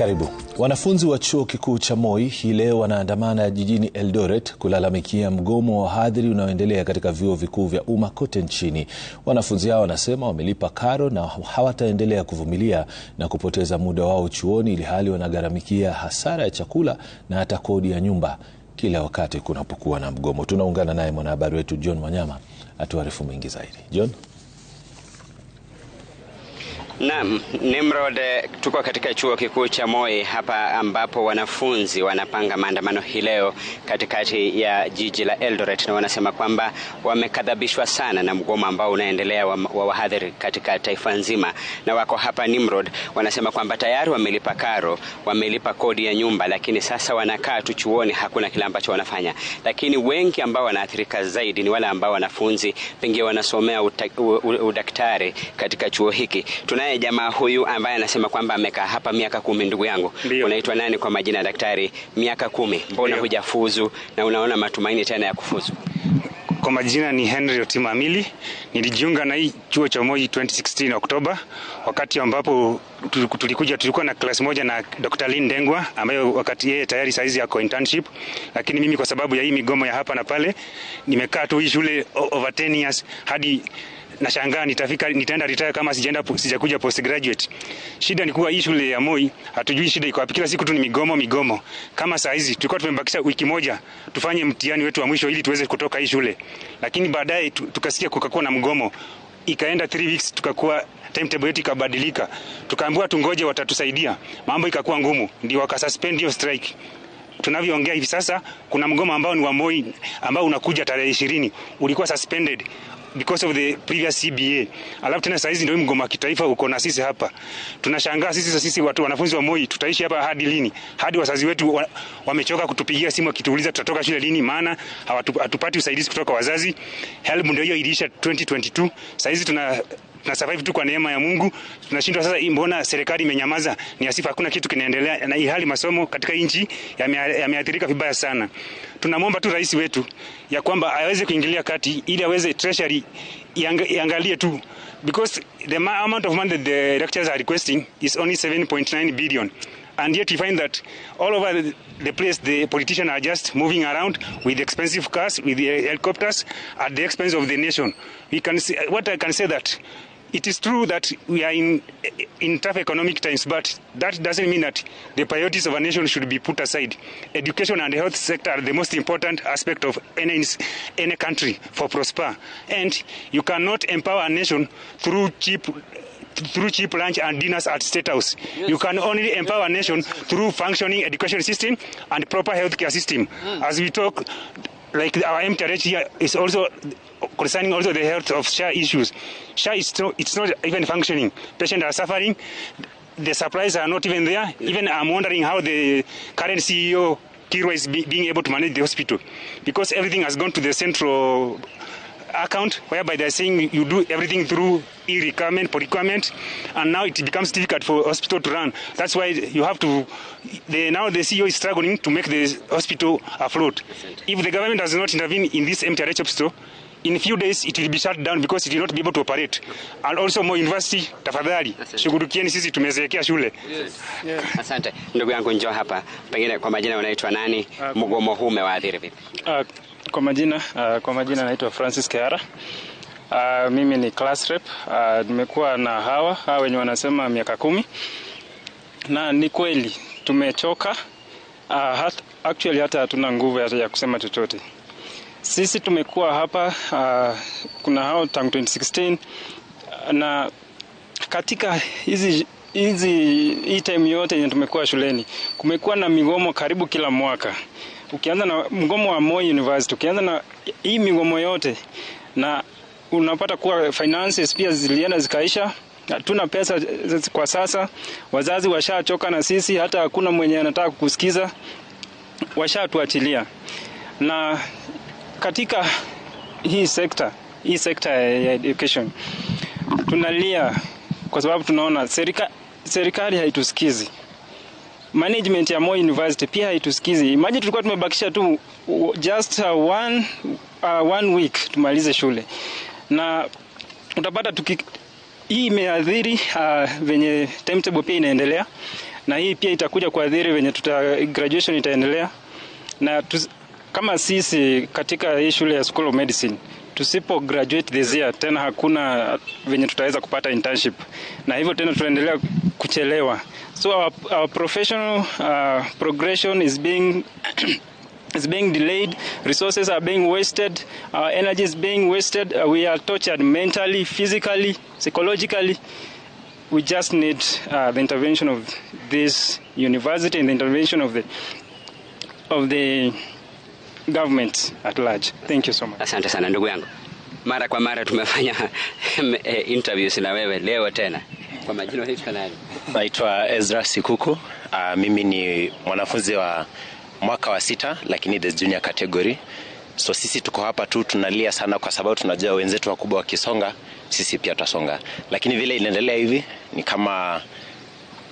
Karibu. Wanafunzi wa chuo kikuu cha Moi hii leo wanaandamana jijini Eldoret kulalamikia mgomo wa hadhiri unaoendelea katika vyuo vikuu vya umma kote nchini. Wanafunzi hao wanasema wamelipa karo na hawataendelea kuvumilia na kupoteza muda wao chuoni, ili hali wanagharamikia hasara ya chakula na hata kodi ya nyumba kila wakati kunapokuwa na mgomo. Tunaungana naye mwanahabari wetu John Wanyama atuarifu mengi zaidi. John. Naam, Nimrod, eh, tuko katika chuo kikuu cha Moi hapa ambapo wanafunzi wanapanga maandamano hii leo katikati ya jiji la Eldoret, na wanasema kwamba wamekadhabishwa sana na mgomo ambao unaendelea wa, wa wahadhiri katika taifa nzima, na wako hapa Nimrod, wanasema kwamba tayari wamelipa karo, wamelipa kodi ya nyumba, lakini sasa wanakaa tu chuoni, hakuna kile ambacho wanafanya. Lakini wengi ambao wanaathirika zaidi ni wale ambao wanafunzi pengine wanasomea udaktari katika chuo hiki Tuna naye jamaa huyu ambaye anasema kwamba amekaa hapa miaka kumi. Ndugu yangu, unaitwa nani kwa majina ya daktari? Miaka kumi, mbona hujafuzu na unaona matumaini tena ya kufuzu? Kwa majina ni Henry otimamili Nilijiunga na hii chuo cha Moi 2016 Oktoba, wakati ambapo tulikuja tulikuwa na klasi moja na Dr. lin Dengwa ambayo wakati yeye tayari saizi yako internship, lakini mimi kwa sababu ya hii migomo ya hapa na pale nimekaa tu hii shule over 10 years hadi nashangaa nitafika nitaenda retire kama sijaenda sijakuja postgraduate. Shida ni kuwa hii shule ya Moi hatujui shida iko wapi, kila siku tu ni migomo migomo. Kama saa hizi tulikuwa tumebakisha wiki moja tufanye mtihani wetu wa mwisho ili tuweze kutoka hii shule, lakini baadaye tukasikia kukakuwa na mgomo ikaenda 3 weeks, tukakuwa timetable yetu ikabadilika, tukaambiwa tungoje, watatusaidia. Mambo ikakuwa ngumu, ndio wakasuspend hiyo strike. Tunavyoongea hivi sasa, kuna mgomo ambao ni wa Moi ambao unakuja tarehe 20 ulikuwa suspended because of the previous CBA. Alafu tena saizi ndio mgomo wa kitaifa uko na sisi hapa. Tunashangaa sisi sisi watu wanafunzi wa Moi tutaishi hapa hadi lini? Hadi wazazi wetu wa, wamechoka kutupigia simu wakituuliza tutatoka shule lini maana hatupati usaidizi kutoka wazazi. HELB ndio hiyo iliisha 2022. Saizi tuna na survive tu kwa neema ya Mungu. Tunashindwa sasa, mbona serikali imenyamaza? Ni asifa, hakuna kitu kinaendelea, na ihali masomo katika nchi yameathirika ya vibaya sana. Tunamwomba tu rais wetu ya kwamba aweze kuingilia kati ili aweze treasury iangalie tu because the amount of money that the directors are requesting is only 7.9 billion and yet we find that all over the place the politicians are just moving around with expensive cars with helicopters at the expense of the nation we can see, what I can say that it is true that we are in, in tough economic times, but that doesn't mean that the priorities of a nation should be put aside. Education and the health sector are the most important aspect of any, any country for prosper. And you cannot empower a nation through cheap through cheap lunch and dinners at state house. Yes. You can only empower a nation through functioning education system and proper healthcare system. Mm. As we talk, like our MTRH here is also concerning also the health of SHA issues. SHA is still, it's not even functioning. Patients are suffering. The supplies are not even there. Even I'm wondering how the current CEO Kirwa is be, being able to manage the hospital because everything has gone to the central account whereby they're saying you do everything through e-requirement, procurement, and now it becomes difficult for hospital to run. That's why you have to, the, now the CEO is struggling to make the hospital afloat. If the government does not intervene in this MTRH hospital, in few days it will be shut down because it will not be able to operate and also more university tafadhali shughulikieni sisi tumezeekea shule yes. Yes. asante ndugu yangu njoo hapa pengine kwa majina unaitwa nani uh, ah, mgomo huu umewaathiri vipi uh, kwa majina uh, kwa majina naitwa Francis Keara uh, mimi ni class rep nimekuwa uh, na hawa hawa wenye wanasema miaka kumi na ni kweli tumechoka uh, hat, actually hata hatuna nguvu ya kusema chochote sisi tumekuwa hapa uh, kuna hao tangu 2016 na katika hizi hizi hii time yote yenye tumekuwa shuleni kumekuwa na migomo karibu kila mwaka, ukianza na mgomo wa Moi University, ukianza na hii migomo yote, na unapata kuwa finances pia zilienda zikaisha, hatuna pesa kwa sasa. Wazazi washachoka na sisi, hata hakuna mwenye anataka kukusikiza, washatuachilia na katika hii sekta hii sekta ya education tunalia kwa sababu tunaona serika, serikali haitusikizi. Management ya Moi University pia haitusikizi. Imagine tulikuwa tumebakisha tu just uh, one, uh, one week tumalize shule na utapata tuki, hii imeathiri uh, venye timetable pia inaendelea, na hii pia itakuja kuathiri venye tuta graduation itaendelea na kama sisi katika hii shule ya School of Medicine tusipo graduate this year, tena hakuna venye tutaweza kupata internship, na hivyo tena tutaendelea kuchelewa. So our, our professional uh, progression is being is being delayed, resources are being wasted, our energy is being wasted, uh, we are tortured mentally, physically, psychologically. We just need uh, the intervention of this university and the intervention of the of the government at large. Thank you so much. Asante sana ndugu yangu. Mara kwa mara tumefanya eh, interviews na wewe, leo tena. Kwa majina unaitwa nani? Naitwa Ezra Sikuku. Uh, mimi ni mwanafunzi wa mwaka wa sita lakini the junior category. So sisi tuko hapa tu tunalia sana kwa sababu tunajua wenzetu wakubwa wakisonga sisi pia tutasonga, lakini vile inaendelea hivi ni kama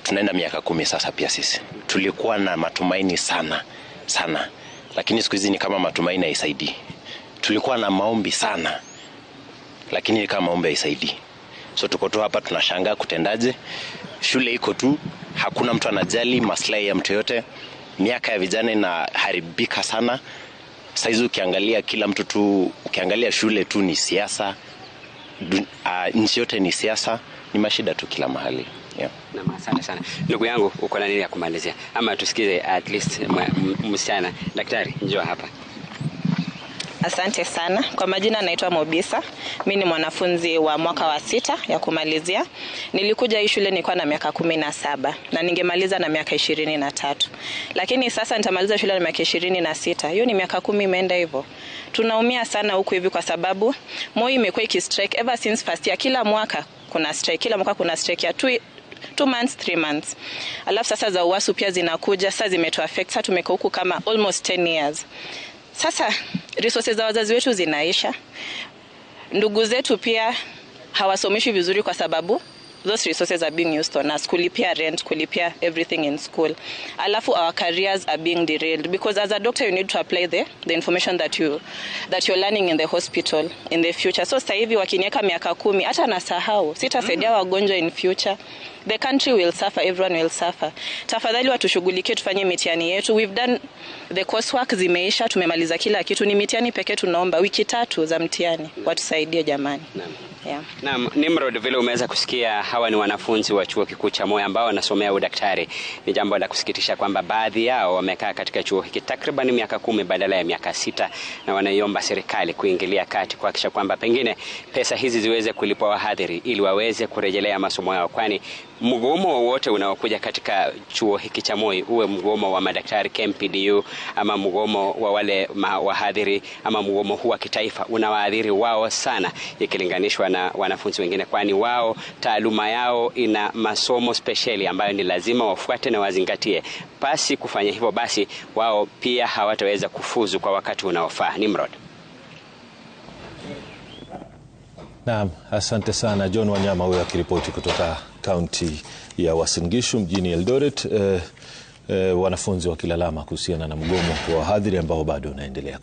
tunaenda miaka kumi sasa. Pia sisi tulikuwa na matumaini sana sana lakini siku hizi ni kama matumaini haisaidii. Tulikuwa na maombi sana, lakini kama maombi haisaidii, so tuko tu hapa tunashangaa kutendaje. Shule iko tu, hakuna mtu anajali maslahi ya mtu yote. Miaka ya vijana inaharibika sana saizi. Ukiangalia kila mtu tu, ukiangalia shule tu ni siasa, ah, nchi yote ni siasa ni mashida tu kila mahali yeah. Na asante sana ndugu yangu, uko na nini ya kumalizia, ama tusikize at least msichana? Daktari, njoo hapa. Asante sana kwa majina, naitwa Mobisa. Mi ni mwanafunzi wa mwaka wa sita ya kumalizia. Nilikuja hii shule nilikuwa na miaka kumi na saba na ningemaliza na miaka ishirini na tatu lakini sasa nitamaliza shule na miaka ishirini na sita Hiyo ni miaka kumi imeenda hivyo. Tunaumia sana huku hivi kwa sababu Moi imekuwa ikistrike ever since first year, kila mwaka kuna strike, kila mwaka kuna strike ya tui, two months, three months. Alafu sasa za uwasu pia zinakuja sasa, zimetu affect sasa, tumekaa huku kama almost 10 years sasa. Resources za wazazi wetu zinaisha, ndugu zetu pia hawasomeshi vizuri kwa sababu those resources are being used on us kulipia rent kulipia everything in school alafu our careers are being derailed because as a doctor you need to apply the, the information that you that you're learning in the hospital in the future so sasa hivi wakinieka miaka kumi hata nasahau sitasaidia mm. wagonjwa in future the country will suffer, everyone will suffer. Tafadhali watushughulikie, tufanye mitihani yetu. We've done the coursework, zimeisha, tumemaliza kila kitu, ni mitihani pekee tunaomba. Wiki tatu za mtihani, watusaidie jamani. Naam. Yeah. Naam, Nimrod, vile umeweza kusikia, hawa ni wanafunzi wa chuo kikuu cha moyo ambao wanasomea udaktari. Ni jambo la kusikitisha kwamba baadhi yao wamekaa katika chuo hiki takriban miaka kumi badala ya miaka sita, na wanaiomba serikali kuingilia kati kuhakikisha kwamba pengine pesa hizi ziweze kulipwa wahadhiri ili waweze kurejelea masomo yao, kwani mgomo wowote unaokuja katika chuo hiki cha Moi, uwe mgomo wa madaktari KMPDU ama mgomo wa wale wahadhiri ama mgomo huu wa kitaifa, unawaadhiri wao sana ikilinganishwa na wanafunzi wengine, kwani wao taaluma yao ina masomo spesheli ambayo ni lazima wafuate na wazingatie. Pasi kufanya hivyo, basi wao pia hawataweza kufuzu kwa wakati unaofaa. Nimrod. Naam, asante sana John Wanyama huyo akiripoti kutoka kaunti ya Uasin Gishu mjini Eldoret eh, eh, wanafunzi wakilalama kuhusiana na mgomo wa wahadhiri ambao bado unaendelea.